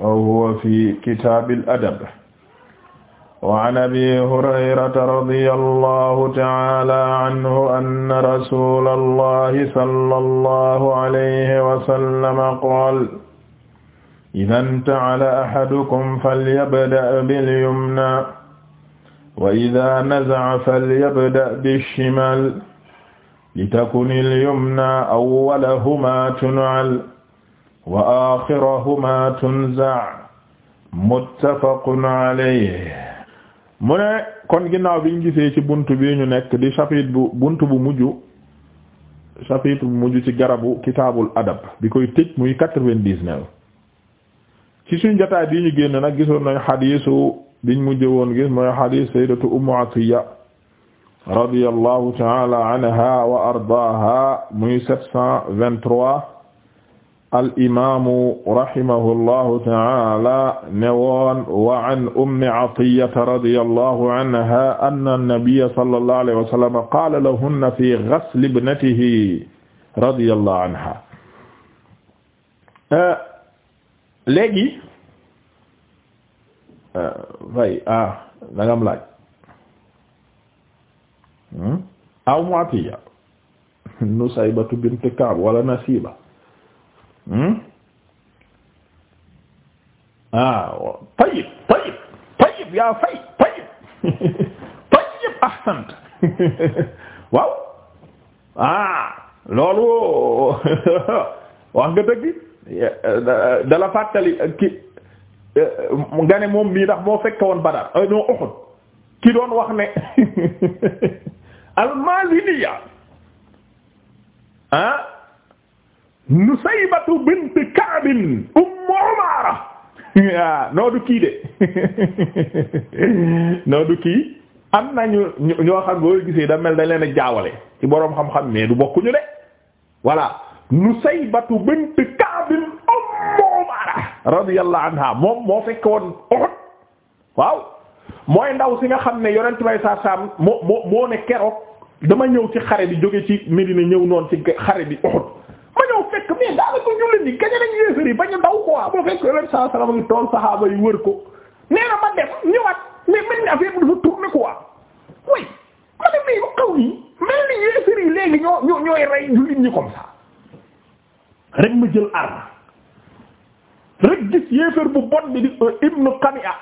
wa huwa fi kitaabil adab wa an abi hurayrata radiyallahu ta'ala anhu anna rasulallahi sallallahu alayhi wa sallam qaala idaa inta'ala ahadukum falyabda' bil-yumnaa wa idaa naza'a falyabda' bish-shimaal litakuni al-yumnaa awwala humaa tun'al wa axirahuma tunza muttafaqun alayhi mu ne kon ginnaaw biñ gisee ci buntu bi nekk di chapitre bu buntu bu mujj chapitre bu mujj ci garabu kitaabul adab bi koy tëj muy quatre-vingt-dix-neuf ci suñ jotaay bi génn nag gisoon nañ xadiisu biñ mujj woon gis mooy xadiis sayyidatu ummu atiya radiyallahu ta'ala anha wa ardaaha muy sept cent vingt-trois al imaamu rahimahullahu ta'ala ne woon wa an ummi Atiyyata radiyallahu anha anna nabiyya sallallahu alayhi wa sallam qaala lahunna fi ghasli ibnatihi radiyallahu anha. Euh, léegi. fay euh, ah danga am laaj. Hmm? aw mu Atiyya Nusaybatu bint Ka'b wala Nasiba. waaw hmm? ah, tayyib tayyib tayyib yaa fay tayyib tayyib ahsant waaw ah loolu wax nga dëgg dala fàttali eh, ki eh, nga ne moom mii ndax moo fekke woon Badar ñoo eh, Uhud ki doon wax ne al-Maziniya ah? Nusaybatu bint Ka'b ummu Umaara waaw ah, noo du kii de noo du kii am nañu ñoo xam boo gisee da mel dañ leen a jaawale ci boroom xam-xam mais du bokkuñu de voilà Nusaybatu bint Ka'b ummu Umaara radiyallahu anha moom moo fekk woon Uhud waaw mooy ndaw si nga xam ne yonent bay saa saam moo moo moo ne keroog dama ñëw ci xare bi jóge ci Medina ñëw noon ci xare bi Uhud nekk mais daanaka jullit ñi gañ nañ yéefar yi bañ a daw quoi bu fekk yonent saa salaam ngi tool saxaaba yi wër ko nee na ma dem ñëwaat mais mel ni affaire bi dafa tourné quoi oui ma ne mais lu xaw nii mel ni yéefar yi léegi ñoo ñoo ñooy rey jullit ñi comme ça rek ma jël arme rek gis yéefar bu bon bi di euh, ibnu Qami'a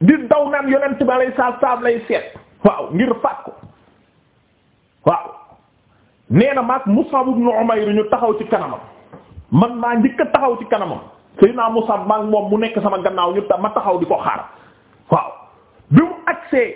di daw naan yonent bi alayhi salaam lay seet waaw ngir faat ko waaw. nee na maag Musab ibn Umayr ñu taxaw ci kanamam man maa njëkk a taxaw ci kanamam Seydina Musab maag moom mu nekk sama gannaaw ñu ma taxaw di ko xaar waaw bi mu agsee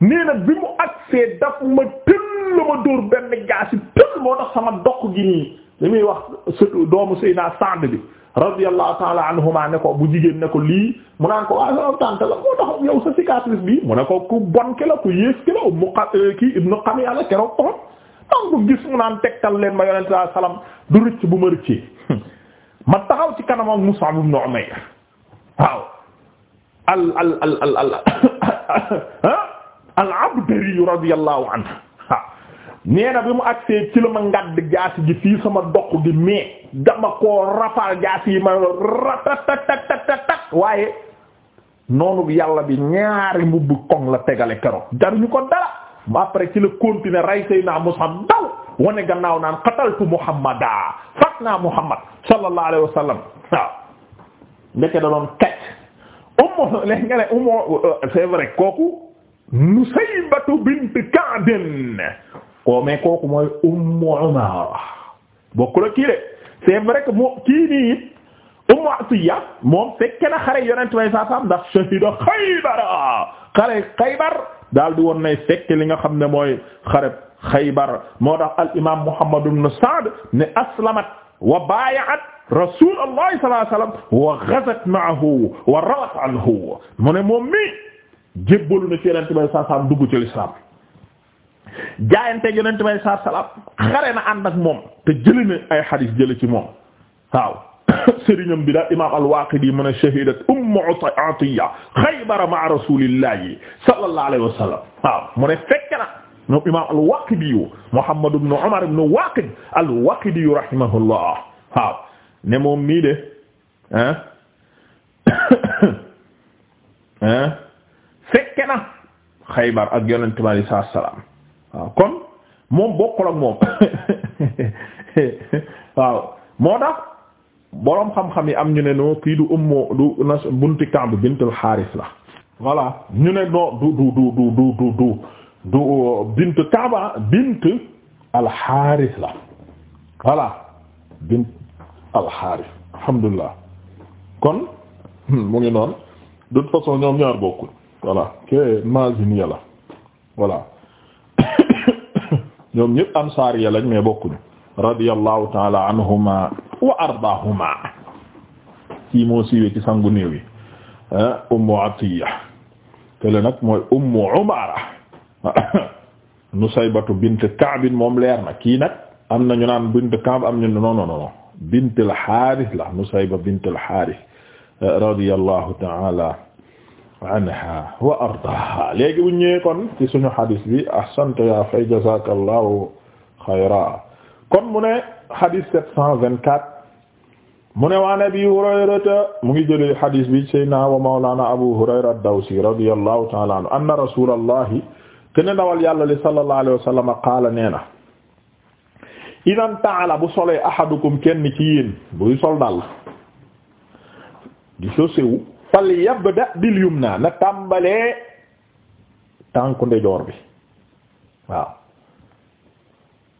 nee bi mu agsee daf ma tëll ma dóor benn jaasi tëll moo tax sama doq gi nii li muy wax surtout doomu Seydina Sa'd bi radiyallahu ta'ala anhuma ne ko bu jigéen ne ko lii mu naan ko waaw sama tante la moo tax yow sa cicatrice bi mu ne ko ku bon ki la ku yées ki la mu xa kii Ibnu Qamiya la nangu gis mu naan tegtal leen ma yonent saa salaam du rëcc bu ma rëccee ma taxaw ci kanam ak Mus'ab ibn Umayr waaw al al al al al ah? al Abdari radiyallahu anhu nee na bi mu agsee ci la ma ngadd jaasi ji fii sama doq gi mais dama koo rafal jaasi yi ma ratatatatat waaye noonu yàlla bi ñaari mbubb koŋ la tegale keroog jaruñu ko dara après ci la continuer rey Seydina Mus'ab daw gannaaw naan qataltu Muhammadaa fat Muhammad sallallahu alayhi wa sallam waaw ndeke euh, kooku Nusaybatu bint Ka'b koo kooku mooy Ummu Umaara bokku la kii de c'est vrai que moo kii Atiya moom fekke na xare way saa sam shahida Xaybara xare Xaybar daal di woon nay fekk li nga xam ne mooy xareb Xaybar moo tax al imaam Muhammad ibn Sa'd ne aslamat wa baaya'at rasuulullahi sallallahu alayhi wasallam wa ghazat ma'ahu wa rawat anhu mu ne moom mi jébbalu na ci yonent bay salaam dugg ci lislaam jaayante yonent bay salaam xare na ànd moom te jëli ay xadiis jëli ci moom waaw sëriñam bi daal imaam al-Waaqidi mu ne shahidat ummu Atiyya Xaybar ma'a rasuulillahi sallallahu alayhi wa sallam waaw mu ne fekk na ñoom imaam mii de ah salaam kon moom bokkul moom waaw boroom xam-xam yi am ñu ne noo kii du ummu du nas bunti Ka'b bintul Haaris la voilà ñu ne noo du du du du du du du euh, bint Kaaba ah, bint al la voilà bint al-Haaris kon hmm, mu ngi noon du toute façon ñoom ñaar bokkul voilà ke mazini ya la voilà ñoom ñëpp ansaar ya lañ mais bokkuñu radiyallahu ta'ala anhuma wa ardaahuma kii moo siiwee ci sangu néew yi ah, ummu atiya tele nag mooy ummu umaara nusaybatu bint kaabin moom leer na kii nag am na ñu naan bint kaab am ñu non non non bint al xaaris la nusayba bint al xaaris ah, radiyallahu ta'ala anha wa ardaaha léegi bu ñëwee kon ci suñu xadis bi ahsanta ya fay jazakallahu xayra kon mu ne xadis sept cent vingt-quatre mu ne waa Abi Hurayrata mu ngi jëlee xadis bi Seydina wa Mawlana Abu Hurayra ad-Dawsi radiyallahu ta'ala anhu anna rasulallahi kene dawal yàlla li sallallahu alayhi wa sallam qaala nee na idan ta'ala bu solee ahadukum kenn ci yéen buy sol daal di sosewu fal yabda bil yumna na tàmbalee tànku ndejoor bi waaw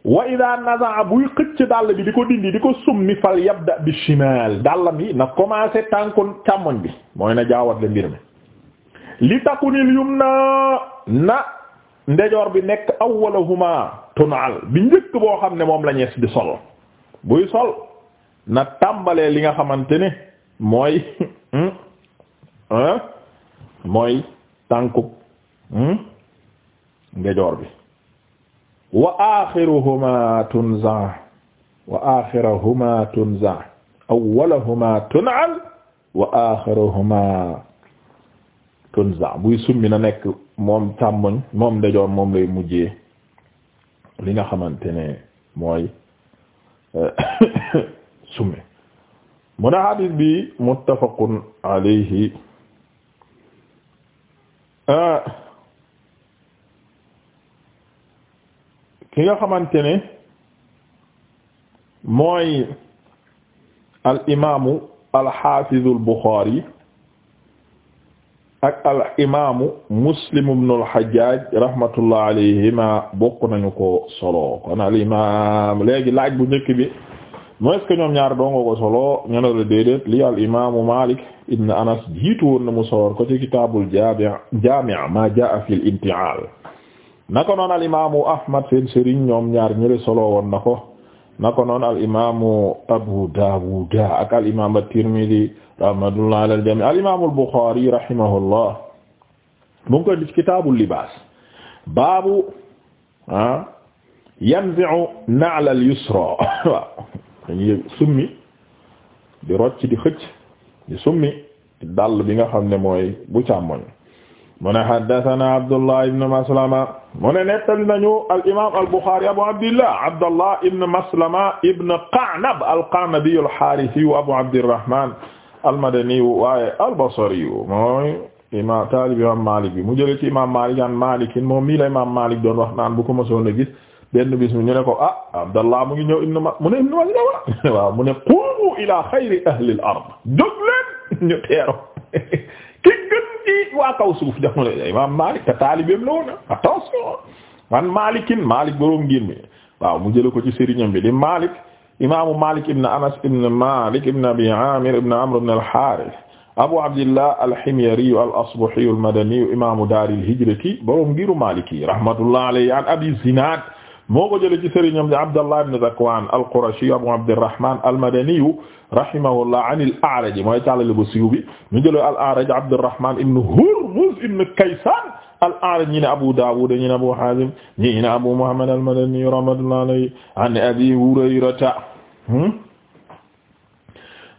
wa ida nazaa buy xëcc dàll bi di ko dindi di ko summi fal yabda bi shimal dàllam yi na commencé tànku càmmoñ bi mooy na jaawat le mbir mi li takunil yum na na ndejoor bi nekk awwalahuma tunaal bi njëkk boo xam ne moom la ñees di sol buy sol na tàmbalee li nga xamante ne mooy hmm, mooy tànku hmm, ndejoor bi wa axiruhuma tunza wa axiruhuma tunza awwaluhuma tunal wa axiruhuma tunza buy summi na nekk moom càmmoñ moom ndejoor moom lay mujjee li nga xamante ne mooy euh, summi mu ne hadith bi muttafaqun alayhi euh, ki nga xamante ne mooy al imaamu al xaafizu al buxaari ak muslim ibnu al xajjaaj rahmatullah bokk nañu ko solo kon al imaam laaj bu njëkk bi mooy est-ce que ñoom ñaar ko solo ñu ne la li al imaamu Maalik Anas jiitu woon na ko ci kitaabul jaami' jaami' maa jaa'a fil inti'aal naka noon al imaamu Ahmad seen sëriñ ñoom ñaar ñële solo woon na ko naka noon al imaamu Abu Dawud ak al imaam at-Tirmidhi rahmatullah ala al jami al imaamu al-Bukhari rahimahullah mu ngi libaas baabu ah yanzi'u na'l al-yusra waaw dañuy summi di rocc di xëcc di summi dàll bi nga xam ne mooy bu càmmoñ mu ne haddathana Abdullah ibn Maslama mu ne nettali nañu al imaam al Bukhari Abu Abdillah Abdullah ibn Maslama ibn Qa'nab al-Qa'nabi al-Harithi Abu Abdirrahman al-Madani waaye al-Basri mooy imaam taalib imaam Malik bi mu jëlee ci imaam Malik an Malik moom mii la imaam Malik doon wax naan bu ko mosoon a gis benn bis mi ñu ne ko ah Abdallah mu ngi ñëw ibn ma mu ne ibn Maslama waaw mu ne qumu ila xayri ahli al-ard jóg leen ñu teero ki gën ci waa kaw suuf jamono imam Malik te taalibeem la woon attention man Malikin Malik boroom ngir mi waaw mu jële ko ci sëriñam bi di Malik imaamu Malik ibn Anas ibn Malik ibn Abi Amir ibn Amr ibn al-Harith Abu Abdillah al-Himyari al-Asbahi al-Madani imaamu daaril hijrati boroom ngiru Maliki rahmatullah alayhi an Abi Zinad moo ko jëlee ci sëriñam di Abdallah ibn Zakwan al-Qurashi Abu Abdirrahman al-Madani rahimahullah an al-A'raj mooy càllale bu siiw bi ñu jëlee al-A'raj Abdirrahman ibn Hurmuz ibn Kaysan al-A'raj ñi ne Abu Dawud ñi ne Abu Hazim ñi ne Abu Muhammad al-Madani rahmatullahi alayhi an Abi Hurayrata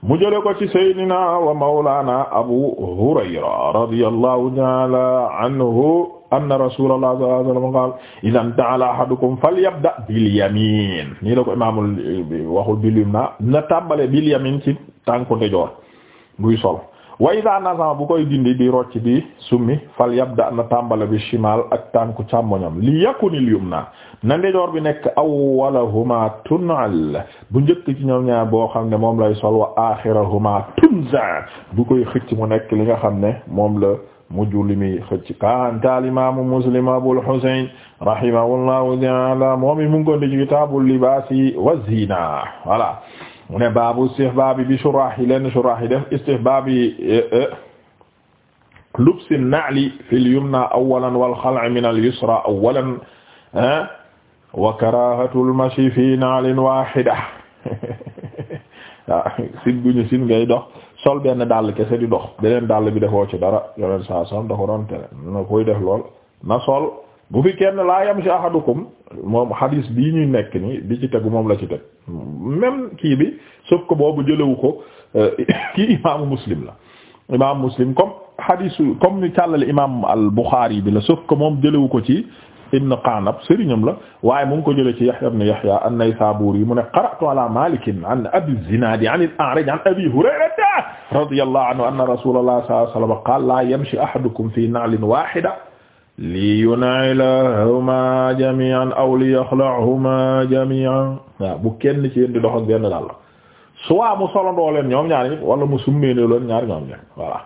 mu jëlee ko ci sayyidina wa mawlana Abu Hurayra radiyallahu ta'ala anhu anna rasulallah sallallahu alayhi wasallam qaala idaa inta'ala falyabda bil yamin la ko imaamul eh, waxul bil yumna na tàmbale bil yamin ci tànku ndijoor buy sol wa idaa nazama bu koy dindi bi rocc di summi falyabda na tàmbale bi shimal ak tànku càmmoñam li yakunil yumna na ndijoor bi nekk awwalahuma tun'al bu njëkk ci ñoom ñaar boo xam ne moom lay sol wa axirahuma tunza bu koy xëcc mu nekk li nga xam ne moom la mujj li muy xëcc kaantaal imaamu muslim abul husayn rahimahullahu ta'ala moom i mu ngi ko di ci kitaabul libaasi wa ziina voilà mu ne baabu istihbaabi bi surah yi leen surah yi def istihbaabi e, e, lubsi na'li fil yumna awwalan wal xal'i min al yusra awwalan e, wa karaahatul mashi fi na'lin waahida sib guñu sin ngay dox sol benn dàll kese di dox beneen dàll bi defoo ci dara yeneen saa sam da ko doon tere na koy def lool na sol bu fi kenn laa yam si ahadukum moom hadis bii ñuy nekk ni bi ci tegu moom la ci teg même kii bi sauf ko boobu jëlewu ko euh, kii imaamu muslim la imaamu muslim comme hadis comme ni càllale imam al Bukhari bi la sauf ko moom jëlewu ko ci ibn Qanab sëriñam la waaye mu ngi ko jëlee ci Yahya ibn Yahya an-Naysaburi mu ne qara'tu ala Malik an Abi Zinad an al-A'raj an Abi Hurayrata radiyallahu anhu anna Rasulullah sallallahu alayhi wa sallam qala la yamshi ahadukum fi na'lin wahida liyun'ilahuma jami'an aw liyakhla'huma jami'an waaw bu kenn ci yéen di dox ak benn daal la soit mu solandoo leen ñoom ñaari ñëpp wala mu summeene leen ñaari ñoom ñaar voilà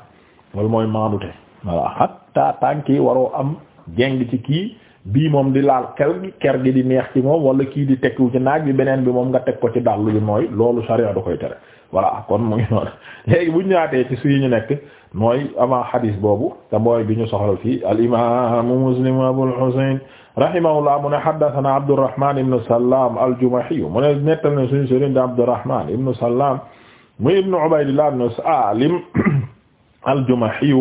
loolu mooy maandute voilà hatta tànki waroo am jeng ci kii bii moom di laal ker gi ker gi di neex ci moom wala kii di tekk wu ci naaj bi beneen bi moom nga teg ko ci dàll bi mooy loolu sharia da koy tere voilà kon mu ngi noonu léegi bu ñu ñaatee ci suñu nekk mooy avant hadis boobu te mooy bi ñu soxla fii al imam muslim abul husayn rahimahullah mu ne haddathana abdurrahman ibnu salam al-jumahi mu ne nettal ne suñu sëriñ di abdurrahman ibnu salam muy ibnu ubaydillah ibnu salim al-jumahi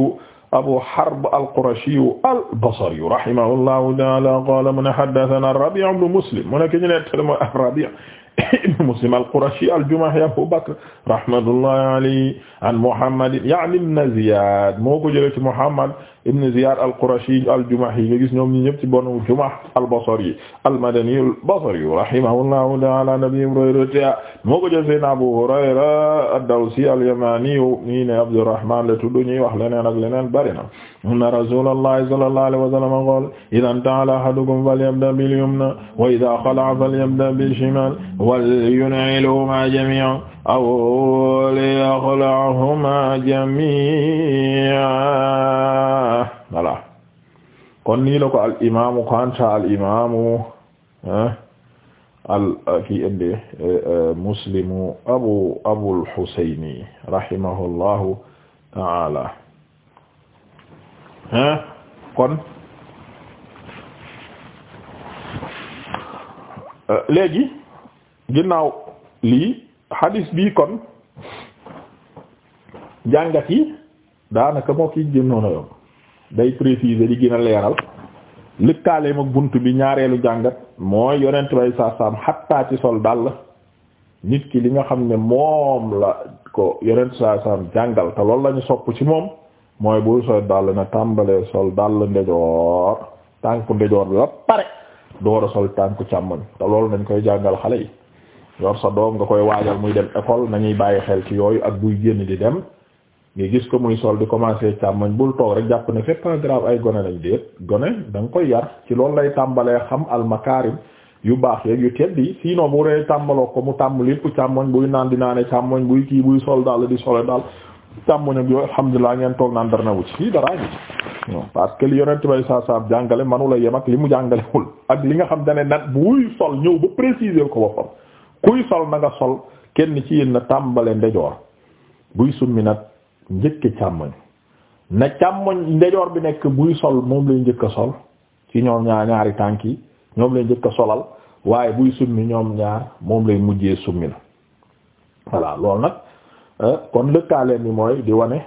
abu harb al-qurashiyu al-basriyu rahimahullahu ta'ala qala mun haddathana ar-rabi' ibn muslim mu nekk ñu ne tele mooy ar-rabi' ibn Muslim al-Qurashi al-Jumahi Abu Bakr rahmatullahi alayhi an Muhammad ya'ni ibn Ziyad moo ko jëlee ci Muhammad ibn Ziyad al-Qurashi al-Jumahi nga gis ñoom ñi ñëpp ci bonu Jumah al-Basri al-Madani al-Basri rahimahullahu ta'ala Nabi Hurayra moo ko jëlee seen Abu Hurayra ad-Dawsi al-Yamani ñi ne Abdurrahman la tudd ñuy wax leneen ak leneen bari na anna rasuulallahi sallallahu alayhi wa sallam qaala idaa inta'ala ahadukum falyabda bil-yumnaa wa idaa xala'a falyabda bi-shimaal walyun'ilahumaa jamii'an aw liyakhla'ahumaa jamii'an voilà kon nii la ko al imaamu qaanta al imaamu al euh, kii indi euh, muslimu abu abul xusayni rahimahullahu ta'aala hein kon euh, léegi ginnaaw lii hadis bii kon jàngat yi daanaka moo ki gënoon a yoon day préciser di gën a leeral lëkkaaleem ak bunt bi ñaareelu jàngat mooy yonent bay saa saam ci sol dàll nit ki li nga xam ne moom la ko yonent saa saam jàngal te loolu lañu sopp ci moom mooy bul sol dàll na tàmbalee sol dàll ndejoor tànku ndejoor bi ba pare door a sol tànku càmmoñ te loolu nañ koy jàngal xale yi yor sa doom nga koy waajal muy dem école nañuy bàyyi xel ci yooyu ak buy génn di dem nga gis ko muy sol di commencer càmmoñ bul toog rek jàpp ne c'est pas ay gone lañ déet gone da nga koy yar ci loolu lay tàmbalee xam almakarim yu baax yeeg yu tedd yi sinon bu ree tàmbaloo ko mu tàmm lépp càmmoñ buy naan di naane càmmoñ buy kii buy sol daal di sole daal càmmoñ ak yooyu alhamdulilah ngeen toog naan dara na wut si daraa ngi parce que li yonent bay saa saa jàngale manula yem ak li mu jàngalewul ak li nga xam dane nag buy sol ñëw ba préciser ko boppam kuy sol na nga sol kenn ci yéen tàmbale ndejoor buy summi nag njëkk càmmoñ na càmmoñ ndejoor bi nekk buy sol moom lay njëkk a sol ci ñoom ñaar ñaari tànk yi ñoom lay njëkk a solal waaye buy summi ñoom ñaar moom lay mujjee summi na voilà loolu nag Euh, kon lëkkaaleen bi mooy di wane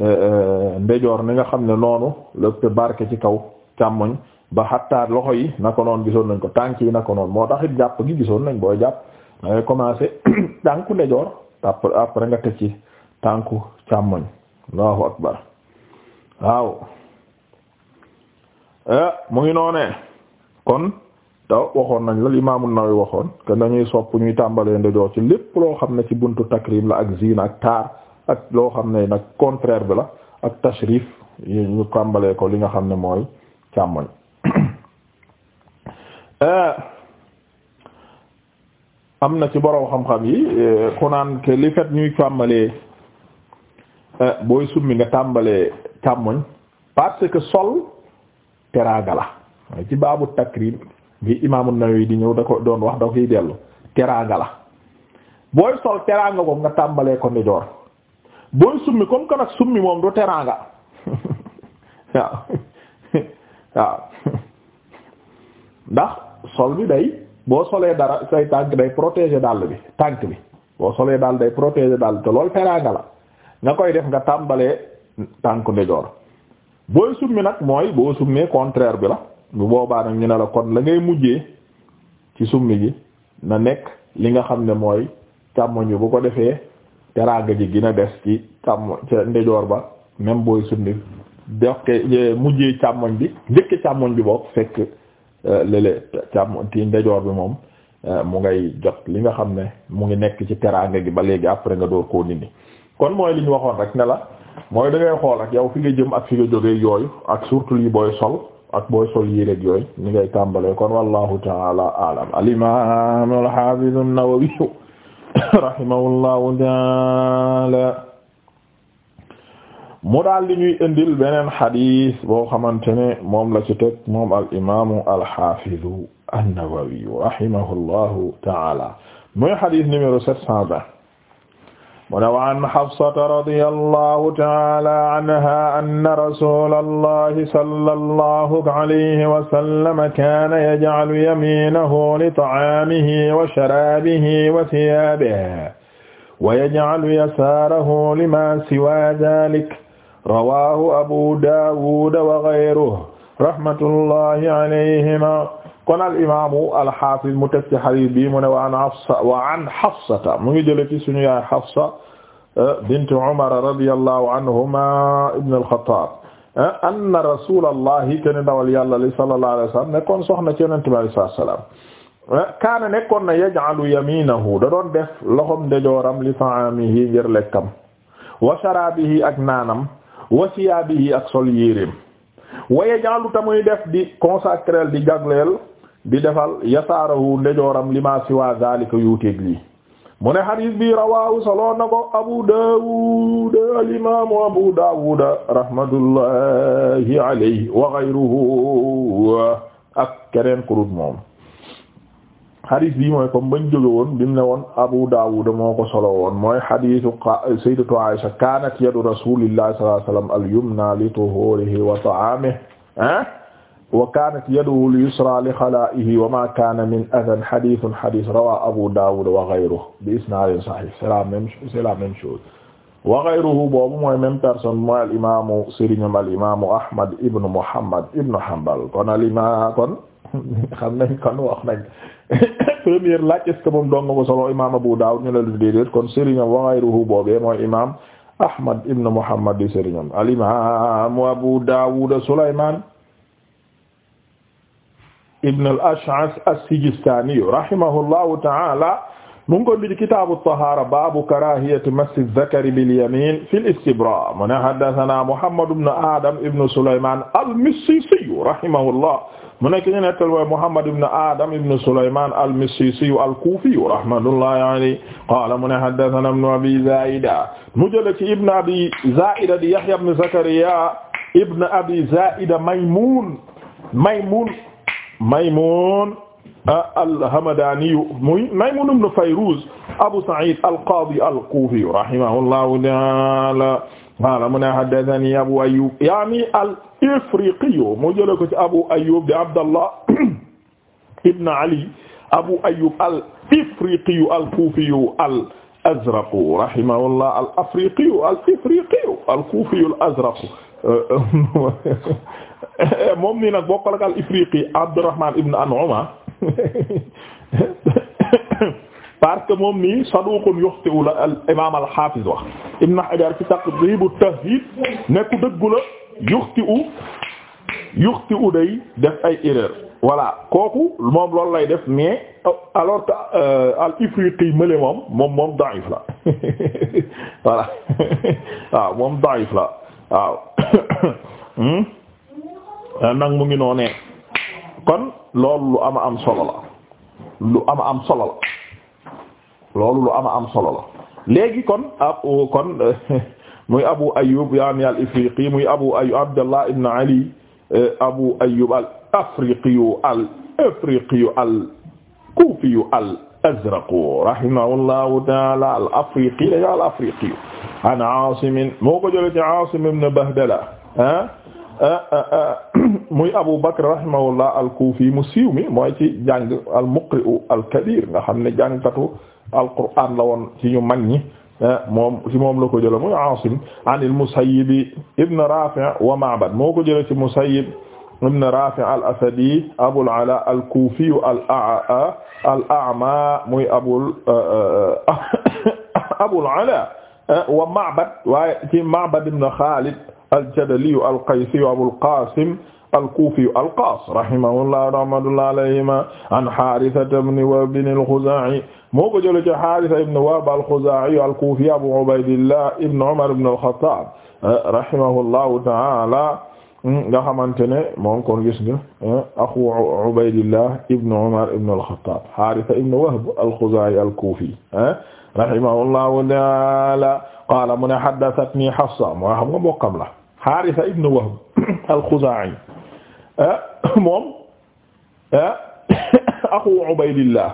euh, euh, ndejoor ni nga xam ne noonu lëpp barke ci kaw càmmoñ ba xatta loxo yi na ko noon gisoon nañ ko tànk yi na ko noon moo taxit jàpp gi gisoon nañ boo jàpp da ngay commencer tànku ndejoor après nga teg ci tànku càmmoñ allahu akbar waaw mu ngi noonee kon te waxoon nañ la li Imaam An-Nawawi waxoon que nañuy sopp ñuy tàmbalee doo ci lépp loo xam ne ci buntu takrim la ak zina ak taar ak loo xam ne nag contraire bi la ak tashrif ñu tàmbalee ko li nga xam ne mooy càmmoñ euh, am na ci boroom xam-xam yi euh, ku naan que li fet ñuy tàmbalee euh, booy summi nga tàmbalee càmmoñ parce que sol teraanga la ci baabu takrim bi imaamu Nawawi di ñëw da ko doon wax da koy dellu teraanga la booy sol teraanga ko nga tàmbalee ko ndijoor booy summi comme que nag summi moom du teraanga waaw waaw ndax sol bi day boo solee dara say tànk day protéger dàll bi tànk bi boo solee dàll day protéger dàll te loolu teraanga la nga koy def nga tàmbalee tànk ndijoor booy summi nag mooy boo summee contraire bi la bu boobaa nag ñu ne la kon la ngay mujjee ci summi gi na nekk li nga xam ne mooy càmmoñ bi bu ko defee teraanga ji gën a des ci càmmoñ ba même booy summi dokke mujjee càmmoñ bi njëkke càmmoñ bi boog fekk euh, lële càmmoñ ti ndejoor bi moom euh, mu ngay jot li nga xam ne mu ngi nekk ci teraanga gi ba léegi après nga door koo dindi kon mooy li ñu waxoon rek ne la mooy da xool ak yow fi nga jëm ak fi nga jógee yooyu ak surtout lii booy sol ak booy sol yéreeg yooyu ni ngay tàmbalee kon wallahu taala alam al imam al hafiz an-Nawawi rahimahullahu taala mu daal li ñuy indil beneen xadis boo xamante ne moom la ci teg moom al imamu alxafidu annawawiyu rahimahullahu taala mooy xadis numéro sept cent vingt mu ne wa an Hafsata radiyallahu ta'ala anha anna rasulallahi sallallahu alayhi wa sallam kaana yaj'alu yaminahu li ta'aamihi wa sharaabihi wa thiyaabihi wa yaj'alu yasaarahu limaa siwaa dhaalika rawaahu Abu Daawuud wa ghayruhu rahmatullahi alayhimaa kon al imaamu al hafiz mu teg ci hadith bi mu ne wa an Hafsa wa an Hafsata mu ngi jële ci suñu yaay Hafsa eh, bint Umar radiyallahu anhuma ibn al-Khattab eh, anna rasulallahi ken ndawal yàlla li sallallahu alayhi wasallam nekkoon soxna ci yonente bi alayhi salaam eh, kaana nekkoon na yaj'alu yaminahu da doon def loxom ndejooram li ta'amihi ngir lekkam wa sharabihi ak naanam wa siyaabihi ak sol yéreem wa yaj'alu tamuy def di consacrer di jagleel di defal yasaarahu ndejooram lima siwa zalika yuuteeg lii mu ne hadis bi rawahu soloon na ko Abu Dawud alimamu Abu Dawud rahmatullahi alayhi wa ghayruhu ak keneen kurut moom hadis bi mooy comme bañ jóge woon bimu ne woon Abu Dawud moo ko solo woon mooy hadisu sayyidatu Aisha kanat yadu rasulillahi sallallahu alayhi wa sallam al yumna li tuhurihi wa ta'amihi ah? wa kaanat yaduhu al-yusra li xalaa'ihi wa maa kaana min adan hadiisun hadiis rawaahu Abu Daawud wa ghayruhu bi isnaadin sahiih c'est la même c'est la même chose wa ghayruhu boobu mooy même personne mooy al imaamu sëriñam al imaamu Ahmad ibn Muhammad ibn Hanbal kon al imaam kon xam nañ kon wax nañ première laaj est ce que moom dong ko solo imaam Abu Daawud ñu la lu déedéet kon sëriñam wa ghayruhu boobee mooy imaam Ahmad ibn Muhammad di sëriñam al imaamu Abu Daawud Sulaymaan ibn al-Ash'ath as-Sijistani rahimahullahu ta'ala mu ngi ko di kitaabu tahaara baabu karaahiyati massi zakari bil yamiin fil istibraa mu ne haddasanaa Muhammad ibn Adam ibn Souleymane al-Missisi rahimahullah mu nekk ñu nettal mooy Muhammad ibn Adam ibn Souleymane al-Missisi al-Kuufi rahmatullahi alayhi qaala mu ne haddasanaa ibn Abi Zaa'ida mu jële ci ibn Abi Zaa'ida di Yahya ibn Zakariya ibn Abi Zaa'ida Maymuun Maymuun Maymun ah, al-Hamadani muy Maymun ibn Fayruz Abu Sa'id al-Qadi al-Kufi rahimahullahu ta'ala qaala mu ne haddathani Abu Ayyub yaani al-Ifriqi mu jëlee ko ci Abu Ayyub di Abdallah ibn Ali Abu Ayyub al-Ifriqi al-Kufi al-Azraq rahimahullah al-Afriqi al-Ifriqi al-Kufi al-Azraq moom nii nag bokkal ak al ifriqi Abdurrahman ibn An'ama parce que moom nii saduqun yuxti'u la al imaam al xaafiz wax Ibn Hajar ci Taqrib at-Tahdhib ne ku dëggu la def ay erreur voilà kooku moom loolu lay def mais alors euh, al ifriqi mële moom moom moom la voilà waaw moom da'if la waaw. Hmm? Eh, nag mu ngi noonee kon loolu lu ama am solo la lu am solo la loolu lu ama am solo léegi kon ab oh, kon muy abu ayub yaani al muy abu ayub abdallah ibn ali eh, abu ayub al afriqiyu al afriqiyu al kufiyu al azraqu rahimahullahu moo ko jëlee ci asim ibn bahdala ah Euh, euh, euh, muy Abu Bakr rahimahullah al-Kufi mu siiw mi mooy ci jàng al-muqri'u al-kabir nga xam ne jàngkatu al-Qur'an la woon ci ñu mag ñi moom ci moom la ko jëlee muy Asim an al-Musayyib ibn Rafi' wa Ma'bad moo ko jëlee ci Musayyib ibn Rafi' al-Asadi Abul Ala al-Kufi al-A'ma al-A'ma muy Abul Abul Ala wa Ma'bad waaye ci Ma'bad ibn Khalid al-Jadali al-Qaysi Abul Qasim al-Kufi al-Qaas rahimahullah rahmatullah alayhima an Haaritha ibn Wahb al-Khuzaa'i moo ko jëlee ci Haaritha ibn Wahb al-Khuzaa'i al-Kufi Abu Ubaydillah ibn Umar ibn al-Khattab rahimahullahu ta'ala nga xamante ne moom kon gis nga axu Ubaydillah ibn Umar ibn al-Khattab Haaritha ibn Wahb al-Khuzaa'i al-Kufi rahimahullahu ta'ala qaala mu ne haddathatnii Hafsa moo xam nga bokkam la Haarisa ibn Wahb al-Xuzaa'i ah, moom ah, axu Ubaydillah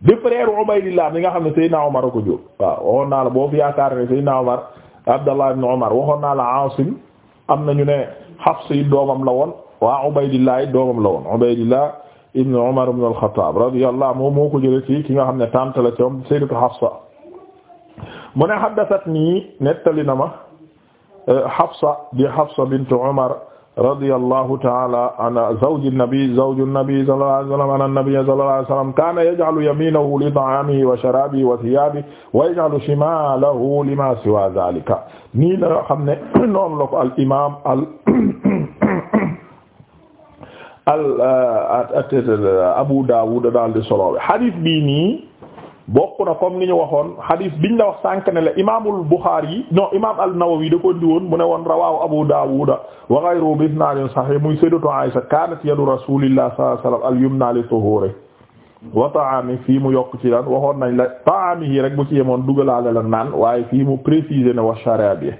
di frère Ubaydillah mi nga xam ne Seydina Omar a ko jóg waxoon naa la boo fi yaakaar ne Seydina Omar Abdallah ibn waxoon naa la Aasim am nañu ne Hafs yi doomam la waa Ubaydillah it doomam la woon Ubaydillah ibn Umar ibn al-Khattab radiyallahu anhu moo ko jëlee ki nga xam ne tante la ci moom Sayyidatu Hafsa mu ne haddathatnii nettali na ma Hafsa di Hafsa bint Umar radiyallahu ta'ala anha zawju nabi zawju nabi sallallahu alayhi wa sallam anna nabi sallallahu alayhi wa sallam kana yaj'alu yaminahu li ta'amihi wa sharabihi wa thiyabihi wa yaj'alu shimalahu lima siwa dhalika nii la xam ne noonu la ko al imam al al euh, Abu Dawud daal di solo hadith bi nii bokk na comme waxoon hadith biñ la wax sànk ne imaamul Bukhari non imaam an-Nawawi da ko woon mu ne woon rawaahu Abu Dawud wa ghayruhu bi isnaadin sahih muy sayyidatu Aisha kaanat yadu rasuulillah sallallahu alayhi al-yumna li wa ta'aami fii mu yokk ci lan waxoon nañ la ta'aami yi rek bu ci yemoon dugalaale la naan waaye fii mu préciser ne wa sharaabihi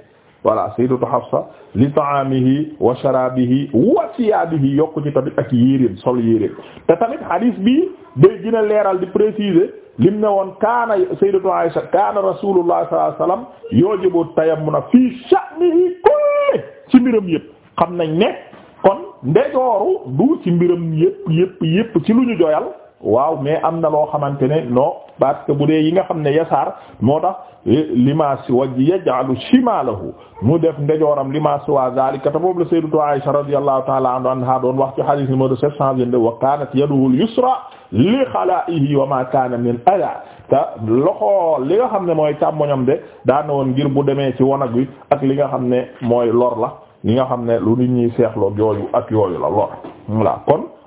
voilà sayyidatu Hafsa li ta'amihi wa sharabihi wa siyabihi yokk ci tamit ak yéréen sol yéréen te tamit hadith bi lim ne woon kaana sayyidatu Aisha kaana rasulullah sallallahu alayhi wasallam yujibu tayammuna fii sha'nihi kulli ci mbiram yëpp xam nañ ne kon ndejooru du ci mbiram yëpp yëpp yëpp ci lu ñu joyal waaw mais am na loo xamante ne non parce que bu dee yi nga xam ne yasaar moo tax lima si waj yaj'alu shimalahu mu def ndejooram lima siwa zalika te boobu la sayyidatu Aisha radiyallahu ta'ala anha doon wax ci hadith numéro sept cent vingt-deux wa kanat yaduhu al-yusra li xalaa'ihi wa ma kana min ala te loxo li nga xam ne mooy càmmoñam de daana woon ngir bu demee ci wanag wi ak li nga xam ne mooy lor la li nga xam ne lu nit ñi seexloo yooyu ak yooyu la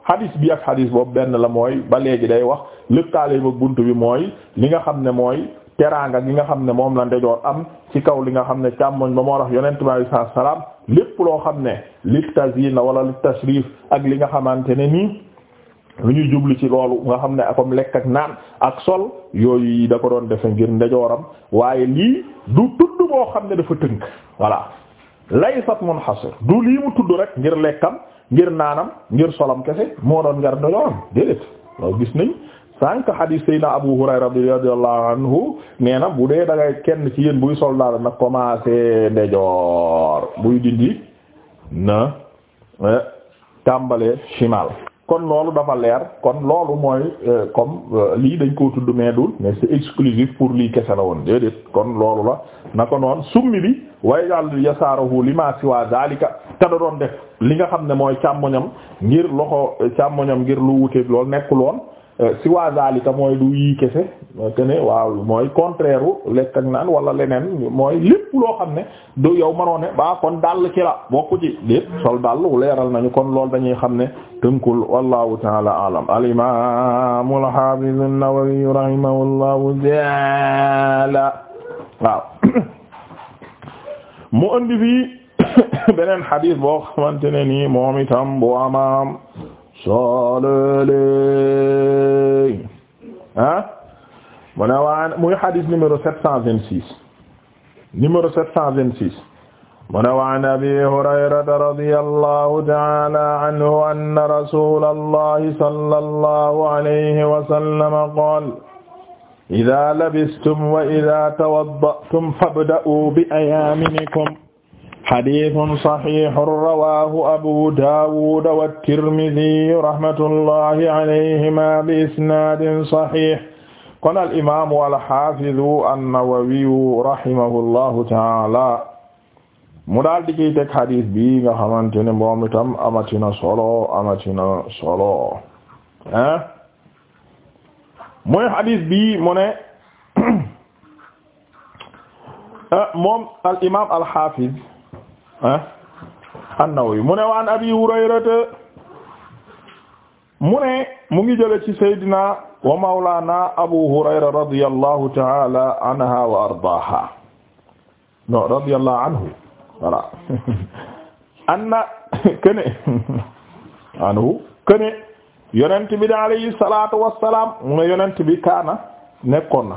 xadis bi ak xadis boobu benn la mooy ba léegi day wax lëkkaale ba bunt bi mooy li nga xam ne mooy teraanga gi nga xam ne moom la ndejoor am ci kaw li nga xam ne càmmoñ ba moo tax yonent ma alayhi salaam lépp loo xam ne littazina wala littashrif ak li nga xamante ne nii lu ñuy jublu ci loolu nga xam ne comme lekk ak naan ak sol yooyu da ko doon defe ngir ndejooram waaye lii du tudd boo xam ne dafa tënk voilà laysat munhasir du lii mu tudd rek ngir lekkam ngir naanam ngir solam kese moo doon ngar dojoon déedéet loolu gis nañ sànq hadis sayna Abu Hurayra radiyallahu anhu nee bu dee da kenn ci yéen buy sol daal nag commencé ndejoor buy dindi na eh, tàmbalee chimal kon loolu dafa leer kon loolu mooy euh, comme euh, lii dañ ko tudd mais du mais c'est exclusif pour lii kese la woon déedéet kon loolu la na ko noon summi bi waaye yàll yasaarahu li ma siwa zalika te da doon def li nga xam ne mooy càmmoñam ngir loxo càmmoñam ngir lu wuteeg loolu nekku loon Euh, si waa zalika mooy du yii kese te waaw mooy contraire u lekk ak naan wala leneen mooy lépp loo xam ne du yow mënoo ne ba kon dàll ci la bokku ci sol dàll leeral nañu kon lool dañuy xam ne tënkul wallahu taala alam al imam al hafiz an waaw mu andi fi beneen hadith boo xamante ne nii moom itam amaam solele ah mu ne waan muy hadith numéro sept cent vingt-six numéro sept cent vingt-six mu ne waan abi hurayrata radiyallahu ta'ala anhu anna rasulallahi sallallahu alayhi wa sallam qala idha labistum wa idha tawadda'tum fabda'u bi ayaminikum xadiisun saxiixun rawaahu abu daawuud wa tirmiziyu rahmatullahi alayhimaa bi isnaadin saxiix kon al imaamu al xaafizu an-nawawiyu rahimahullahu taala mu daal di ciy teg xadiis bi nga xamante ne moom itam amatina solo amatina solo ah mooy xadiis bi mu ne moom al imaam al xaafiz ah an-Nawawi mu ne waan Abi Hurayrata mu ne mu ngi jële ci Seydina wa Mawlana Abu Hurayra radiyallahu ta'ala anha wa ardaaha no radiyallahu anhu voilà anna kene anhu kene yonent bi da alayhi salatu wassalam mu ne yonent bi kaana nekkoon na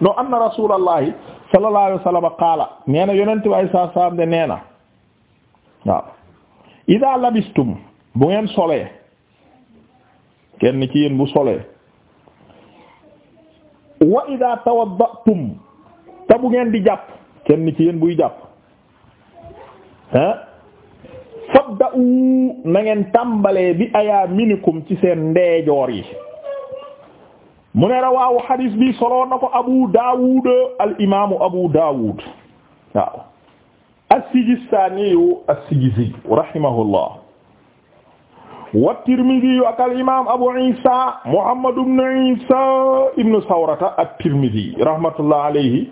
no anna rasulallahi sallallahu alayhi wa sallam qaala nee na yonent bi alayhi salaatu wa salaam de nee na waaw ida labistum bu ngeen solee kenn ci yéen bu solee wa ida tawaddatum te bu ngeen di jàpp kenn ci yéen buy jàpp ah fabda'u na ngeen tàmbalee bi ayaaminikum ci seen ndeejoor yi mu ne rawaawu xadiis bi soloon na ko Abu Daawud al imaamu Abu Daawud waaw as-Sijistaaniyu as-Sijizi rahimahullah wa Tirmidiyu ak al-imaam Abu Iisa Muhammad ibn Iisa ibn Sawrata at-Tirmidi rahmatullah alayhi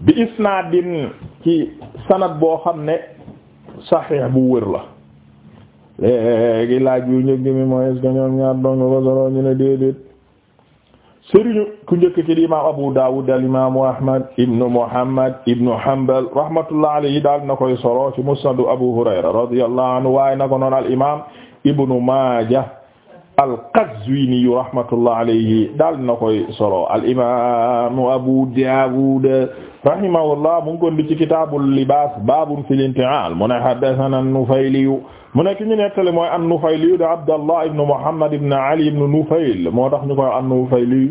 bi isnaadin ci sanad boo xam ne saxiix bu wér la léegi laaj yu njëkk mi mooy est-ce que ko solo ñu ne déedéet sëriñu ku njëkk ci imaam Abu Dawud al imaamu Ahmad ibnu Muhammad ibnu Hanbal rahmatullah alayhi daal na koy solo ci musnadu Abu Hurayra radiyallahu anhu waaye na ko noon al imaam ibnu Maaja al-Qazwini rahmatullah alayhi daal na koy solo al-imaamu Abu Daawud rahimahullah mu ngi koy ci kitaabul libaas baabun fil inti'aal mu ne haddathanaa an-Nufayli mu nekk ñu nettali mooy an-Nufayli de Abdallah ibn Muhammad ibn Ali ibn Nufayl moo tax ñu koy an-Nufayli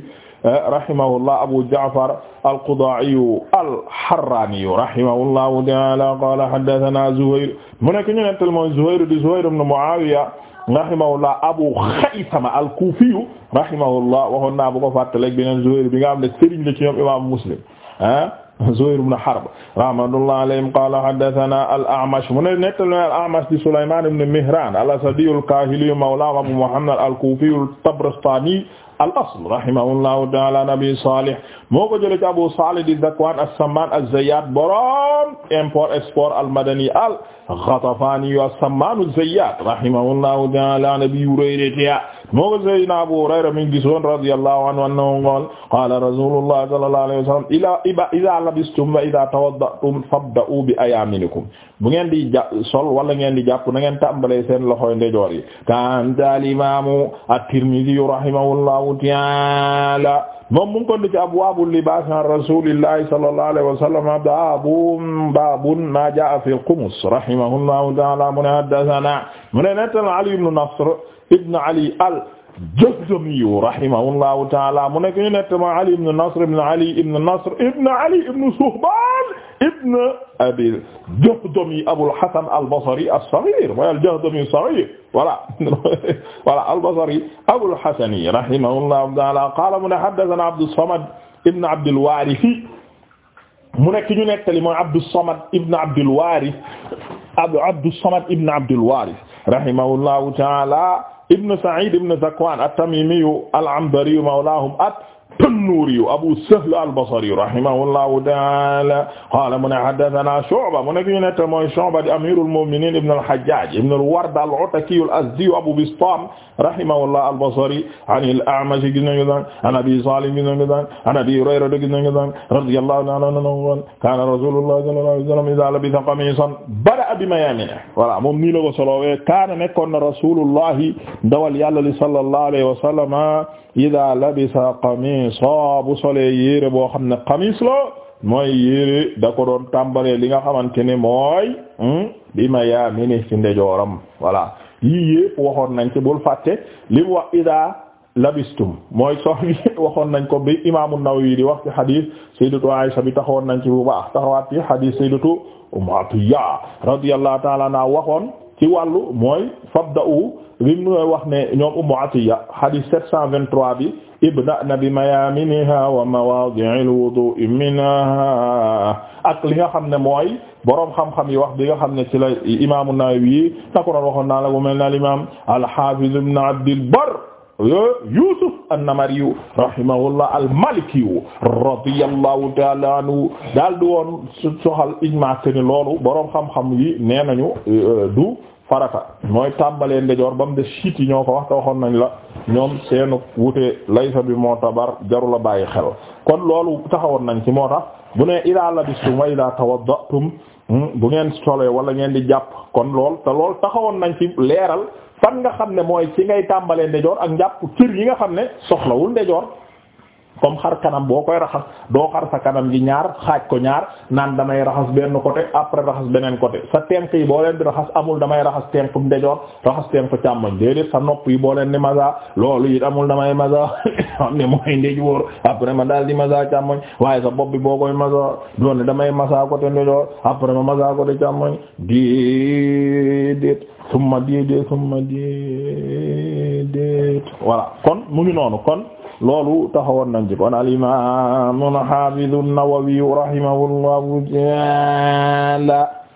eh, rahimahullah Abu Ja'far al-Qudaa'i al-Harraani rahimahullahu ta'aala qaala haddathanaa Zuhayr mu nekk ñu nettali mooy Zuhayr di Zuhayr ibn Mu'aawiya rahimahullah Abu Xaysama al-Kufiyu rahimahullah waxoon naa bu ko fàttaleeg beneen Zuhayr bi nga xam ne sëriñ la ci ñoom imam Muslim ah Zuhayr ibn Harb rahmatullah alayhim qala haddathana al-A'mash mu ne nettali al-A'mash di Sulayman ibn Mihran al-Asadi al-Kahili mawla Abu Muhammad al-Kufi al-Tabaristani al asl rahimahullahu taala an abi salih moo ko jëlee ci abu salih di zakwan as-samman az-zayyat borom import export al-madani al-ghatafani as-samman az-zayyat rahimahullahu taala an abi hurayra moo ko sayyidina abu hurayra min gisoon radiyallahu anhu annahu qala rasulullah sallallahu alayhi wasallam ila idha labistum wa idha tawadda'tum fabda'u bi ayaminikum bu ngeen di ja sol wala ngeen di jàpp na ngeen tàmbalee seen loxoy ndeyjoor yi kan al imam at-tirmidhi rahimahullahu allahu taala moom mu ngi ko ndi ci abwaabul libaas an rasuulillahi sallallahu alayhi wa sallam baabun baabun maa jaa'a fil qumus rahimahullahu taala mu ne haddathana mu ne nettal ali ibn nasr ibn ali al Jazamiyu rahimahullahu ta'ala mu nekk ñu nett ma Ali ibn Nasr ibn Ali ibn Nasr ibn Ali ibn Suhbaan ibn Abi Jahdami Abul Hasan al-Basri as-Saghir mooy al-Jahdami as-Saghir voilà voilà al-Basri Abul Hasan rahimahullahu ta'ala qaala mu ne haddathanaa Abdus Samad ibn Abdil Waarith mu nekk ñu nettali mooy Abdus Samad ibn Abdil Waarith Abdus Samad ibn Abdil Waarith rahimahullahu ta'ala ibn Sa'id ibn Zakwan at-Tamimiyu al-Anbariyu mawlahum at at-Tannuuri Abu Sahl al-Basri rahimahullahu ta'ala qaala mu ne haddathanaa Shu'ba mu ne ki ñu nett mooy Shu'ba di amiirul mu'miniin ibn al-Hajjaaj ibn al-Ward al-Ataki al-Azdi Abu Bistaam rahimahullah al-Basri an al-A'mash gis nañu daan an Abi Saalim gis nañu daan an Abi Hurayra gis nañu daan radiyallahu ta'ala anhu kaana rasuulullahi sallallahu alayhi wa sallam idhaa labisa qamiisan bada'a bi mayaaminihi voilà moom nii la ko solowee kaana nekkoon na rasuulullahi dawal yàlla li sallallahu alayhi wa sallam idhaa labisa qamiisan qamisa bu solee yére boo xam ne qamis la mooy yére da ko doon tàmbalee li nga xamante ne mooy hmm, bi ma yaa mini ci ndejooram voilà yii yépp waxoon nañ ci bul fàtte li mu wax ida labistum mooy soxni waxoon nañ ko bi imaamu Nawawi di wax ci xadiis sayyidatu Aysa bi taxawoon nañ ci bu baax taxawaat ci xadiis sayyidatu Umm Atiyya radiyallahu ta'ala anha waxoon ci wàllu mooy fabda'u li mu wax ne ñoom Ummu Atiya hadith 723 bi ibda'na bi mayaaminiha wa mawaadi'il wudu'i minha ak li nga xam ne mooy boroom xam-xam yi wax bi nga xam ne ci la imaamu Nawawi takonoon waxoon naa la bu mel ne al imaam al-Haafiz daal di woon soxal ijmaa ne loolu boroom xam nee nañu du farata mooy tàmbalee ndejoor ba mu def siit yi ñoo ko wax te waxoon nañ la ñoom seenu wute laysa bi mu'tabar jarul a bàyyi xel kon loolu taxawoon nañ ci moo tax bu ne idaa labistum wa idaa tawaddatum hmm, bu ngeen solee wala ngeen di jàpp kon lool te lool taxawoon nañ ci leeral fan nga xam ne mooy ci ngay tàmbalee ndejoor ak njàpp cër yi nga xam ne soxlawul ndejoor comme xar kanam boo koy raxas doo xar sa kanam gi ñaar xaaj ko ñaar naan damay raxas benn côté après raxas beneen côté sa tenk yi boo leen di raxas amul damay raxas tenk ndejoor raxas tenk càmmoñ déedéet sa nopp yi boo leen di masa loolu it amul damay masa am ne mooy ndej ma daal di masa càmmoñ waaye sa bopp bi boo koy masa doone damay masa côté ndejoor après ma masa côté càmmoñ déedéet summa déedéet summa déedéet voilà kon mu ngi noonu kon loolu taxawoon nañ ci kon al imam al hafiz an-Nawawi rahimahullahu ta'ala